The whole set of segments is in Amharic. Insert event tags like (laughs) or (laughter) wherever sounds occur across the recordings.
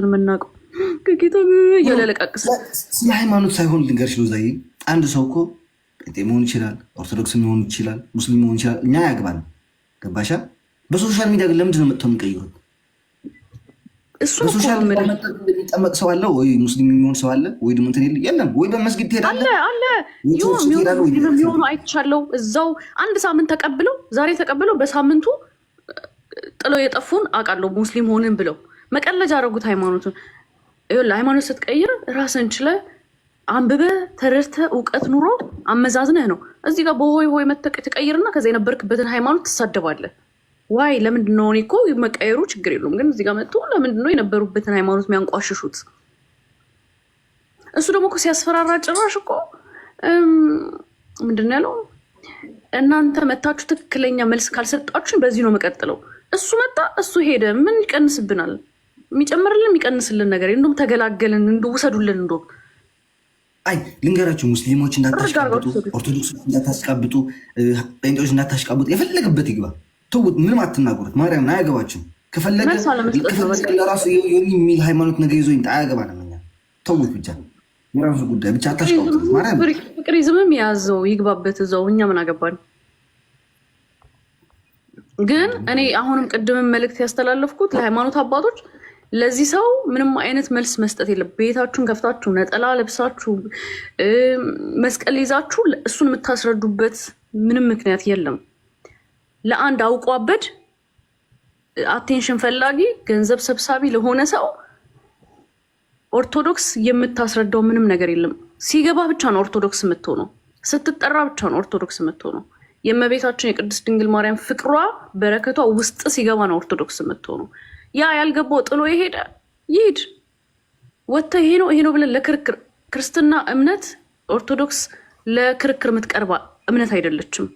የምናውቀው ከጌታ ለቃቅስ ስለ ሃይማኖት ሳይሆን ልንገርሽ ነው። ዛይ አንድ ሰው እኮ ጴንጤ መሆን ይችላል፣ ኦርቶዶክስ መሆን ይችላል፣ ሙስሊም መሆን ይችላል። እኛ ያግባል። ገባሻ? በሶሻል ሚዲያ ግን ለምንድን ነው መጥተው የሚቀይሩት? በሶሻል ሚዲያ የሚጠመቅ ሰው አለ ወይ? ሙስሊም የሚሆን ሰው አለ ወይ? ድሞ እንትን የለም ወይ? በመስጊድ ትሄዳለህ አለ የሚሆኑ አይቻለው። እዛው አንድ ሳምንት ተቀብለው ዛሬ ተቀብለው በሳምንቱ ጥለው የጠፉን አውቃለሁ። ሙስሊም ሆንን ብለው መቀለጃ አደረጉት ሃይማኖቱን። ይኸውልህ ሃይማኖት ስትቀይር ራስን ችለ አንብበ ተረድተ እውቀት ኑሮ አመዛዝነህ ነው። እዚህ ጋር በሆይ ሆይ መተቅ ትቀይርና ከዚ የነበርክበትን ሃይማኖት ትሳደባለህ። ዋይ ለምንድን ነው? እኔ እኮ መቀየሩ ችግር የለውም ግን እዚህ ጋር መጥቶ ለምንድን ነው የነበሩበትን ሃይማኖት የሚያንቋሽሹት? እሱ ደግሞ እኮ ሲያስፈራራ ጭራሽ እኮ ምንድን ነው ያለው? እናንተ መታችሁ ትክክለኛ መልስ ካልሰጣችሁ በዚህ ነው መቀጥለው። እሱ መጣ፣ እሱ ሄደ፣ ምን ይቀንስብናል? የሚጨምርልን የሚቀንስልን ነገር እንዲሁም ተገላገልን፣ እንዲ ውሰዱልን። እንደውም አይ ልንገራችሁ፣ ሙስሊሞች እንዳታሽቃብጡ፣ ኦርቶዶክስ እንዳታሽቃብጡ፣ ጴንጤዎች እንዳታሽቃብጡ፣ የፈለገበት ይግባ። ተውት፣ ምንም አትናገሩት። ማርያም አያገባችን ከፈለገ የሚል ሃይማኖት ነገር ይዞ ይምጣ፣ አያገባንም። እኛ ተውት ብቻ የራሱ ጉዳይ ብቻ አታሽቃብጡት። ማርያም ፍቅር የያዘው ይግባበት እዛው፣ እኛ ምን አገባን? ግን እኔ አሁንም ቅድምም መልእክት ያስተላለፍኩት ለሃይማኖት አባቶች ለዚህ ሰው ምንም አይነት መልስ መስጠት የለም። ቤታችሁን ከፍታችሁ ነጠላ ለብሳችሁ መስቀል ይዛችሁ እሱን የምታስረዱበት ምንም ምክንያት የለም። ለአንድ አውቋበድ አበድ አቴንሽን ፈላጊ ገንዘብ ሰብሳቢ ለሆነ ሰው ኦርቶዶክስ የምታስረዳው ምንም ነገር የለም። ሲገባ ብቻ ነው ኦርቶዶክስ የምትሆነው፣ ስትጠራ ብቻ ነው ኦርቶዶክስ የምትሆነው። የእመቤታችን የቅድስት ድንግል ማርያም ፍቅሯ በረከቷ ውስጥ ሲገባ ነው ኦርቶዶክስ የምትሆነው። ያ ያልገባው ጥሎ የሄደ ይሂድ። ወጥተ ይሄ ነው ይሄ ነው ብለን ለክርክር ክርስትና እምነት ኦርቶዶክስ ለክርክር የምትቀርባ እምነት አይደለችም።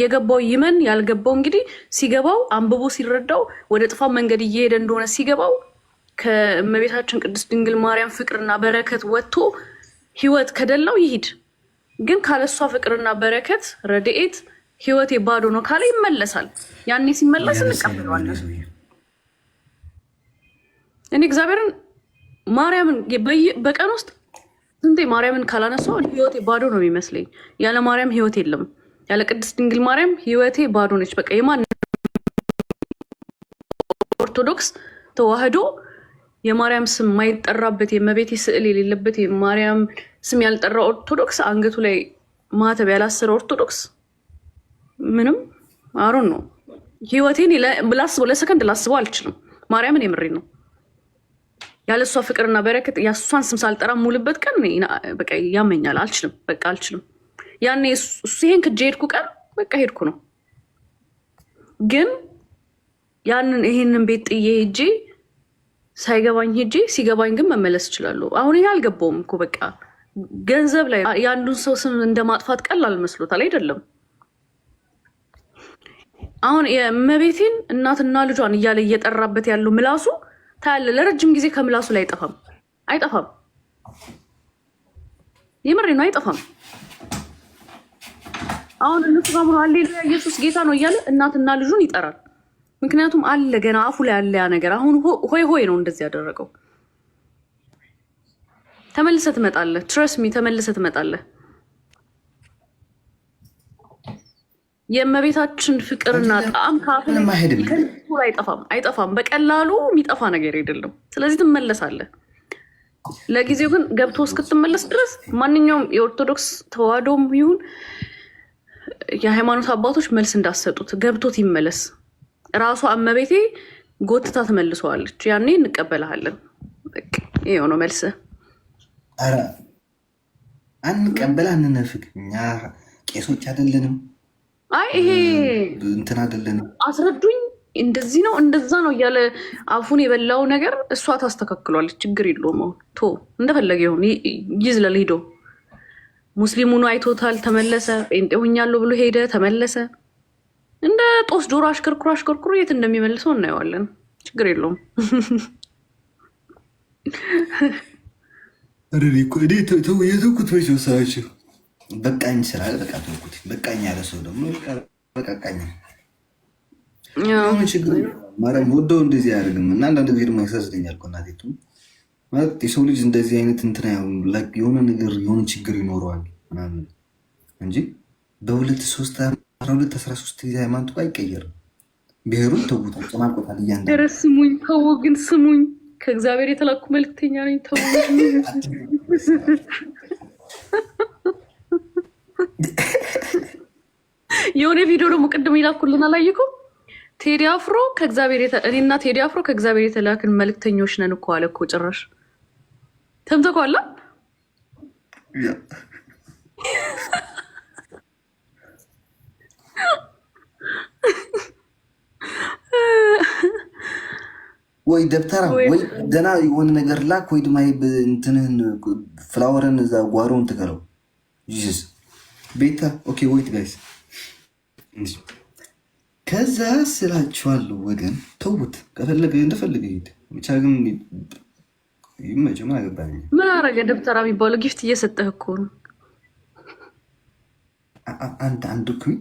የገባው ይመን ያልገባው እንግዲህ ሲገባው አንብቦ ሲረዳው ወደ ጥፋ መንገድ እየሄደ እንደሆነ ሲገባው ከእመቤታችን ቅድስት ድንግል ማርያም ፍቅርና በረከት ወጥቶ ህይወት ከደላው ይሂድ። ግን ካለሷ ፍቅርና በረከት ረድኤት ህይወት የባዶ ነው ካለ ይመለሳል። ያኔ ሲመለስ እንቀበለዋለን። እኔ እግዚአብሔርን ማርያምን በቀን ውስጥ ስንቴ ማርያምን ካላነሳው ህይወቴ ባዶ ነው የሚመስለኝ። ያለ ማርያም ህይወት የለም። ያለ ቅድስት ድንግል ማርያም ህይወቴ ባዶ ነች። በቃ የማን ኦርቶዶክስ ተዋህዶ የማርያም ስም ማይጠራበት የመቤቴ ስዕል የሌለበት የማርያም ስም ያልጠራ ኦርቶዶክስ አንገቱ ላይ ማተብ ያላሰረ ኦርቶዶክስ ምንም አሮን ነው ህይወቴን ላስበው ለሰከንድ ላስበው አልችልም። ማርያምን የምሬ ነው። ያለ እሷ ፍቅርና በረከት የሷን ስም ሳልጠራ ሙልበት ቀን በቃ ያመኛል። አልችልም፣ በቃ አልችልም። ያኔ እሱ ይሄን ክጄ ሄድኩ ቀን በቃ ሄድኩ ነው። ግን ያንን ይሄንን ቤት ጥዬ ሄጄ ሳይገባኝ ሄጄ ሲገባኝ ግን መመለስ እችላለሁ። አሁን ይሄ አልገባውም እኮ በቃ ገንዘብ ላይ የአንዱን ሰው ስም እንደ ማጥፋት ቀላል መስሎታል። አይደለም አሁን የእመቤቴን እናትና ልጇን እያለ እየጠራበት ያለው ምላሱ ታያለህ። ለረጅም ጊዜ ከምላሱ ላይ አይጠፋም አይጠፋም። የምሬ ነው አይጠፋም። አሁን እነሱ ጋር ሃሌሉያ ኢየሱስ ጌታ ነው እያለ እናትና ልጁን ይጠራል። ምክንያቱም አለ ገና አፉ ላይ ያለ ያ ነገር። አሁን ሆይ ሆይ ነው እንደዚህ ያደረገው። ተመልሰ ትመጣለህ። ትረስሚ ተመልሰ ትመጣለህ። የእመቤታችን ፍቅርና ጣዕም አይጠፋም አይጠፋም። በቀላሉ የሚጠፋ ነገር አይደለም። ስለዚህ ትመለሳለህ። ለጊዜው ግን ገብቶ እስክትመለስ ድረስ ማንኛውም የኦርቶዶክስ ተዋህዶም ይሁን የሃይማኖት አባቶች መልስ እንዳሰጡት ገብቶት ይመለስ። ራሷ እመቤቴ ጎትታ ትመልሰዋለች። ያኔ እንቀበልሃለን። ይኸው ነው መልስ። አንቀበል፣ አንነፍግ። እኛ ቄሶች አይደለንም። አይ ይሄ እንትን አይደለንም፣ አስረዱኝ፣ እንደዚህ ነው እንደዛ ነው እያለ አፉን የበላው ነገር እሷ ታስተካክሏለች። ችግር የለውም። አሁን ቶ እንደፈለገ ይሁን ይዝለል። ሄዶ ሙስሊሙኑ አይቶታል፣ ተመለሰ። ጴንጤ ሆኛለሁ ብሎ ሄደ፣ ተመለሰ። እንደ ጦስ ዶሮ አሽከርክሮ አሽከርክሮ የት እንደሚመልሰው እናየዋለን። ችግር የለውም። (laughs) እኔ የተውኩት መች መሰላችሁ? በቃኝ ስላለ በቃ ተውኩት። በቃኝ ያለ ሰው ደግሞ በቃቃኝ ችግር ማርያም ወደው እንደዚህ አያደርግም። እና አንዳንድ ጊዜ ደግሞ ያሳዝነኛል እኮ እናቴቱ ማለት የሰው ልጅ እንደዚህ አይነት እንትና የሆነ ነገር የሆነ ችግር ይኖረዋል ምናምን እንጂ በሁለት ሶስት አስራ ሁለት አስራ ሶስት ጊዜ ሃይማኖቱ እኮ አይቀየርም። ብሔሩን ተውታል፣ ጨማቆታል። እያንዳ ስሙኝ፣ ተው ግን ስሙኝ፣ ከእግዚአብሔር የተላኩ መልክተኛ ነኝ ተው (laughs) የሆነ ቪዲዮ ደግሞ ቅድም ይላኩልን አላየኩ ቴዲ አፍሮ ከእግዚአብሔር እኔና ቴዲ አፍሮ ከእግዚአብሔር የተላክን መልክተኞች ነን እኮ አለ እኮ ጭራሽ ተምተኳላ ወይ ደብተራ ወይ ደህና የሆነ ነገር ላክ ወይ ድማ እንትንህን ፍላወርን እዛ ጓሮን ትከለው ቤታ ኦኬ ወይት ጋይስ ከዛ ስላችኋለሁ ወገን ተውት። ከፈለገ እንደፈለገ ሄድ ብቻ ግን ይመጭ ምን አገባኝ። ምን አረገ ደብተራ የሚባለው ጊፍት እየሰጠህ እኮ ነው አንድ አንድ ኩኝ